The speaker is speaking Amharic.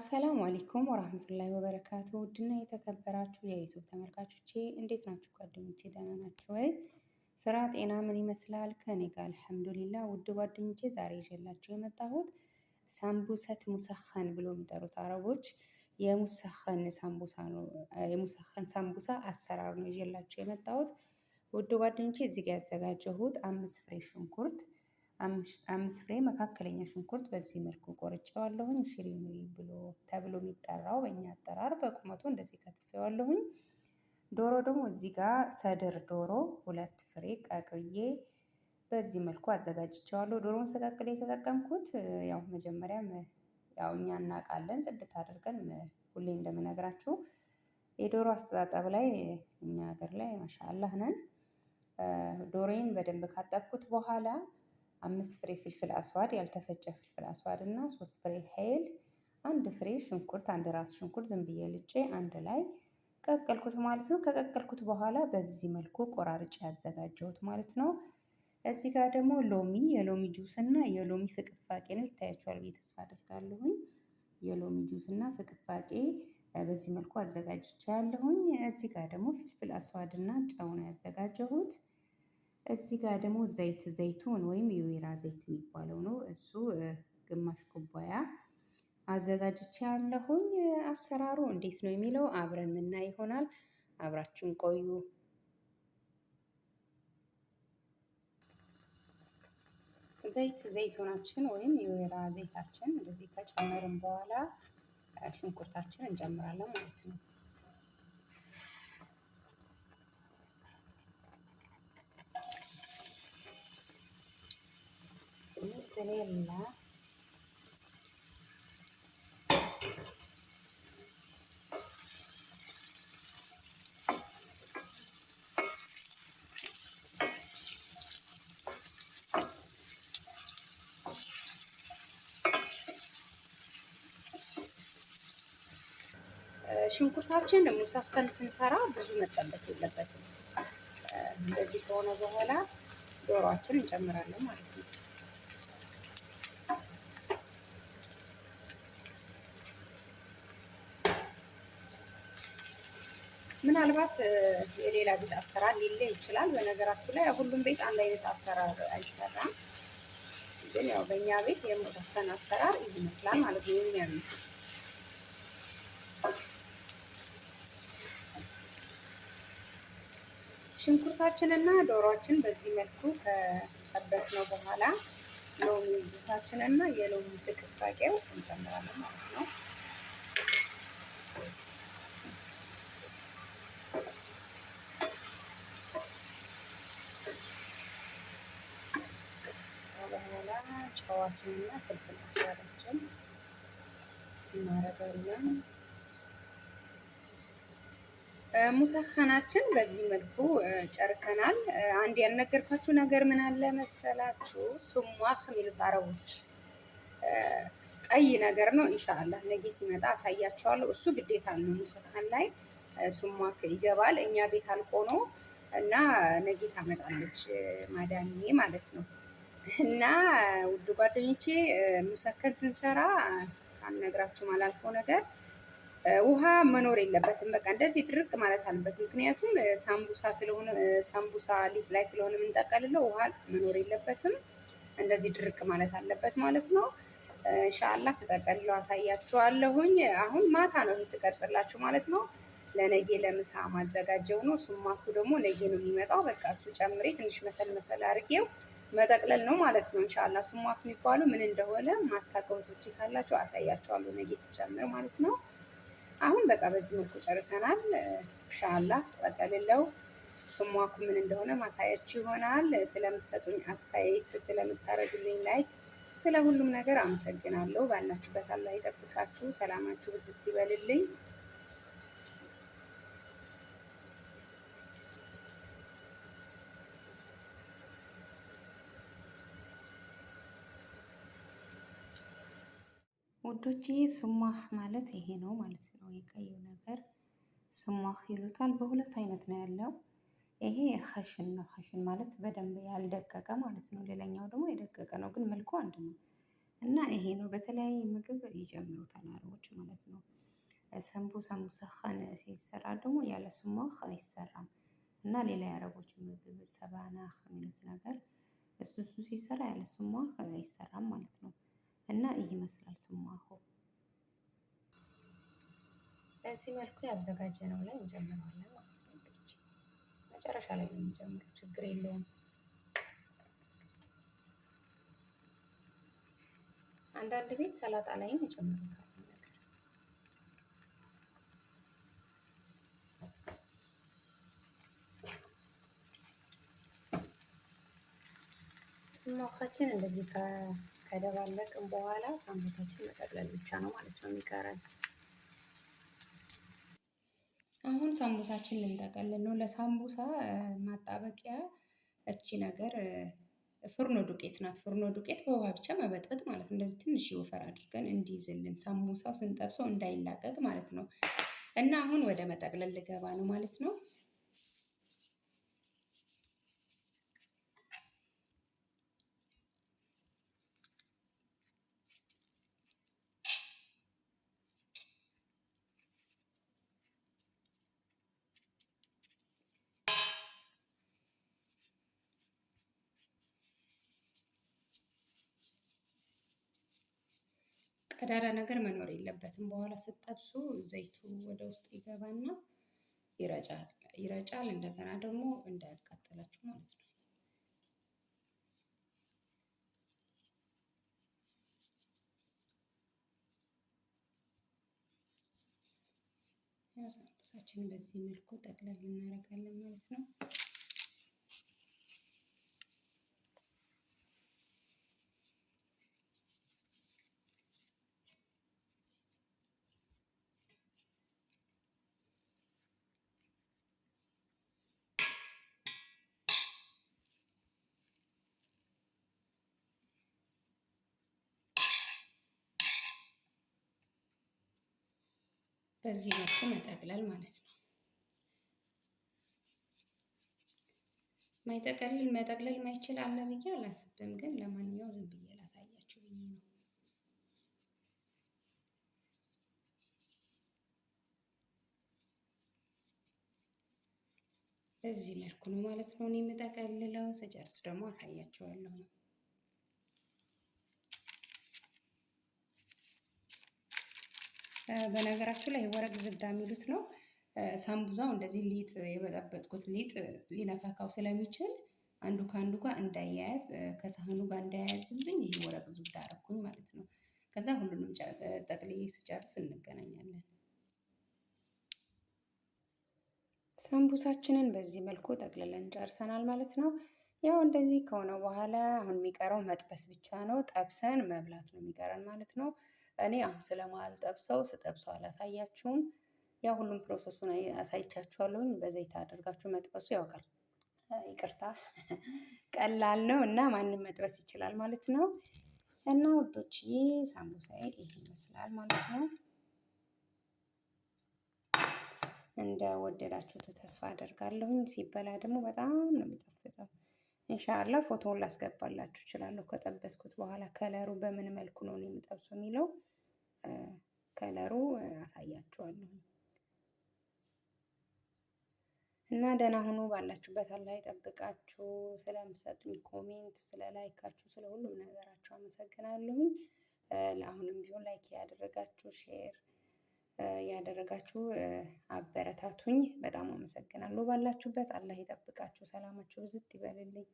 አሰላሙ አሌይኩም ወራህመቱላሂ ወበረካቱ። ውድና የተከበራችሁ የዩቱብ ተመልካቾቼ እንዴት ናችሁ? ጓደኞቼ ደህና ናችሁ ወይ? ስራ ጤና ምን ይመስላል? ከኔ ጋር አልሐምዱሊላ። ውድ ጓደኞቼ ዛሬ ይዤላችሁ የመጣሁት ሳምቡሰት ሙሰኸን ብሎ የሚጠሩት አረቦች የሙሰኸን ሳምቡሳ ነው። የሙሰኸን ሳምቡሳ አሰራር ነው ይዤላችሁ የመጣሁት ውድ ጓደኞቼ። እዚህ ጋር ያዘጋጀሁት አምስት ፍሬ ሽንኩርት አምስት ፍሬ መካከለኛ ሽንኩርት በዚህ መልኩ ቆርጬዋለሁኝ። ሽሪሙሪ ብሎ ተብሎ የሚጠራው በእኛ አጠራር በቁመቱ እንደዚህ ከትፌዋለሁኝ። ዶሮ ደግሞ እዚህ ጋር ሰድር ዶሮ ሁለት ፍሬ ቀቅዬ በዚህ መልኩ አዘጋጅቼዋለሁ። ዶሮውን ስቀቅል የተጠቀምኩት ያው መጀመሪያ ያው እኛ እናውቃለን፣ ጽድት አድርገን ሁሌ እንደምነግራችሁ የዶሮ አስተጣጠብ ላይ እኛ ሀገር ላይ ማሻላህ ነን። ዶሮዬን በደንብ ካጠብኩት በኋላ አምስት ፍሬ ፍልፍል አስዋድ ያልተፈጨ ፍልፍል አስዋድ እና ሶስት ፍሬ ሄል፣ አንድ ፍሬ ሽንኩርት፣ አንድ ራስ ሽንኩርት ዝም ብዬ ልጬ አንድ ላይ ቀቀልኩት ማለት ነው። ከቀቀልኩት በኋላ በዚህ መልኩ ቆራርጬ ያዘጋጀሁት ማለት ነው። እዚህ ጋር ደግሞ ሎሚ፣ የሎሚ ጁስ እና የሎሚ ፍቅፋቄ ነው ይታያችኋል ብዬ ተስፋ አድርጋለሁኝ። የሎሚ ጁስ እና ፍቅፋቄ በዚህ መልኩ አዘጋጅቻለሁኝ። እዚህ ጋር ደግሞ ፍልፍል አስዋድ እና ጨው ነው ያዘጋጀሁት። እዚህ ጋር ደግሞ ዘይት ዘይቱን ወይም የወይራ ዘይት የሚባለው ነው። እሱ ግማሽ ኩባያ አዘጋጅቼ ያለሁኝ። አሰራሩ እንዴት ነው የሚለው አብረን ምና ይሆናል። አብራችን ቆዩ። ዘይት ዘይቶናችን ወይም የወይራ ዘይታችን እንደዚህ ከጨመርን በኋላ ሽንኩርታችን እንጨምራለን ማለት ነው። ತೆಲೆಯನ್ನು ሽንኩርታችን ደግሞ ሰፍተን ስንሰራ ብዙ መጠበስ የለበትም። እንደዚህ ከሆነ በኋላ ዶሮአችን እንጨምራለን ማለት ነው። ምናልባት የሌላ ቤት አሰራር ሊለይ ይችላል። በነገራችሁ ላይ ሁሉም ቤት አንድ አይነት አሰራር አይሰራም። ግን ያው በእኛ ቤት የሙሰፈን አሰራር ይመስላል ማለት ነው የኛ ቤት ሽንኩርታችንና ዶሮችን በዚህ መልኩ ከጠበስነው በኋላ ሎሚ ጁሳችንና የሎሚ ትቅጣቄው እንጨምራለን ማለት ነው። ጨዋቱንና ፍልፍል አስዋራችን እናረጋለን። ሙሰከናችን በዚህ መልኩ ጨርሰናል። አንድ ያልነገርኳችሁ ነገር ምን አለ መሰላችሁ? ሱሟኽ የሚሉት አረቦች ቀይ ነገር ነው። ኢንሻአላህ ነገ ሲመጣ አሳያችኋለሁ። እሱ ግዴታ ነው። ሙሰከን ላይ ሱሟክ ይገባል። እኛ ቤት አልቆ ነው እና ነገ ታመጣለች ማዳኔ ማለት ነው። እና ውድ ጓደኞቼ ሙሰከን ስንሰራ ሳንነግራችሁ ማላልፈው ነገር ውሃ መኖር የለበትም። በቃ እንደዚህ ድርቅ ማለት አለበት። ምክንያቱም ሳምቡሳ ስለሆነ ሳምቡሳ ሊጥ ላይ ስለሆነ የምንጠቀልለው ውሃ መኖር የለበትም። እንደዚህ ድርቅ ማለት አለበት ማለት ነው። እንሻላ ስጠቀልለው አሳያችኋለሁኝ። አሁን ማታ ነው ይህ ስቀርጽላችሁ ማለት ነው። ለነጌ ለምሳ ማዘጋጀው ነው። ሱማኩ ደግሞ ነጌ ነው የሚመጣው። በቃ እሱ ጨምሬ ትንሽ መሰል መሰል አድርጌው መጠቅለል ነው ማለት ነው። እንሻላ ሱማክ የሚባለው ምን እንደሆነ ማታቀውቶች ካላቸው አሳያችኋለሁ ነገ ሲጨምር ማለት ነው። አሁን በቃ በዚህ መልኩ ጨርሰናል። እንሻላ ስጠቀልለው ስሟኩ ምን እንደሆነ ማሳያች ይሆናል። ስለምሰጡኝ አስተያየት፣ ስለምታረጉልኝ ላይክ፣ ስለ ሁሉም ነገር አመሰግናለሁ። ባላችሁበት አላህ ይጠብቃችሁ። ሰላማችሁ ብዝት ይበልልኝ። ውዶች ስሟህ ማለት ይሄ ነው ማለት ነው። የቀዩ ነገር ስሟህ ይሉታል። በሁለት አይነት ነው ያለው። ይሄ ኸሽን ነው። ኸሽን ማለት በደንብ ያልደቀቀ ማለት ነው። ሌላኛው ደግሞ የደቀቀ ነው፣ ግን መልኩ አንድ ነው እና ይሄ ነው። በተለያየ ምግብ ይጨምሩታል አረቦች ማለት ነው። ሰንቡሳ ሙሰኸን ሲሰራ ደግሞ ያለ ስሟህ አይሰራም እና ሌላ የአረቦች ምግብ ሰባናህ የሚሉት ነገር እሱ እሱ ሲሰራ ያለ ስሟህ አይሰራም ማለት ነው። እና ይህ ይመስላል ስማሆ። በዚህ መልኩ ነው ላይ እንጀምረዋለን ማለት ነው። እንግዲህ መጨረሻ ላይ ነው የምንጀምረው፣ ችግር የለውም። አንዳንድ ቤት ሰላጣ ላይም ይጨምሩታል። ስማሆችን እንደዚህ ከደባለቅን በኋላ ሳምቡሳችን መጠቅለል ብቻ ነው ማለት ነው የሚቀረን። አሁን ሳምቡሳችን ልንጠቀልል ነው። ለሳምቡሳ ማጣበቂያ እቺ ነገር ፍርኖ ዱቄት ናት። ፍርኖ ዱቄት በውሃ ብቻ መበጥበጥ ማለት ነው። እንደዚህ ትንሽ ወፈር አድርገን እንዲይዝልን ሳምቡሳው ስንጠብሰው እንዳይላቀቅ ማለት ነው። እና አሁን ወደ መጠቅለል ልገባ ነው ማለት ነው። ቀዳዳ ነገር መኖር የለበትም። በኋላ ስጠብሱ ዘይቱ ወደ ውስጥ ይገባና ይረጫል ይረጫል። እንደገና ደግሞ እንዳያቃጥላችሁ ማለት ነው። ሳችን በዚህ መልኩ ጠቅለል እናደርጋለን ማለት ነው። በዚህ መልኩ መጠቅለል ማለት ነው። ማይጠቀልል መጠቅለል ማይችል አለ ብዬ አላስብም፣ ግን ለማንኛውም ዝም ብዬ ላሳያችሁ ብዬ ነው። በዚህ መልኩ ነው ማለት ነው እኔ የምጠቀልለው። ስጨርስ ደግሞ አሳያችኋለሁ። በነገራችሁ ላይ ወረቅ ዝብዳ የሚሉት ነው። ሳምቡዛው እንደዚህ ሊጥ የበጠበጥኩት ሊጥ ሊነካካው ስለሚችል አንዱ ከአንዱ ጋር እንዳያያዝ ከሳህኑ ጋር እንዳያያዝብኝ ይህ ወረቅ ዝብዳ አረኩኝ ማለት ነው። ከዛ ሁሉንም ጠቅልዬ ስጨርስ እንገናኛለን። ሳምቡሳችንን በዚህ መልኩ ጠቅልለን ጨርሰናል ማለት ነው። ያው እንደዚህ ከሆነ በኋላ አሁን የሚቀረው መጥበስ ብቻ ነው። ጠብሰን መብላት ነው የሚቀረን ማለት ነው። እኔ አሁን ስለማልጠብሰው ስጠብሰው አላሳያችሁም። ያ ሁሉም ፕሮሰሱን አሳይቻችኋለሁኝ። በዘይት አድርጋችሁ መጥበሱ ያውቃል። ይቅርታ ቀላል ነው እና ማንም መጥበስ ይችላል ማለት ነው። እና ውዶችዬ ሳምቡሳዬ ይህ ይመስላል ማለት ነው። እንደወደዳችሁት ተስፋ አደርጋለሁኝ። ሲበላ ደግሞ በጣም ነው የሚጣፍጠው። እንሻላ ፎቶውን ላስገባላችሁ እችላለሁ። ከጠበስኩት በኋላ ከለሩ በምን መልኩ ነው የምጠብሰው የሚለው ከለሩ አሳያችኋለሁ። እና ደህና ሁኑ ባላችሁበት አላህ ይጠብቃችሁ። ስለምሰጡኝ ኮሜንት፣ ስለ ላይካችሁ፣ ስለ ሁሉም ነገራችሁ አመሰግናለሁኝ። ለአሁንም ቢሆን ላይክ ያደረጋችሁ ሼር ያደረጋችሁ አበረታቱኝ። በጣም አመሰግናለሁ። ባላችሁበት አላህ ይጠብቃችሁ። ሰላማችሁ ብዝት ይበልልኝ።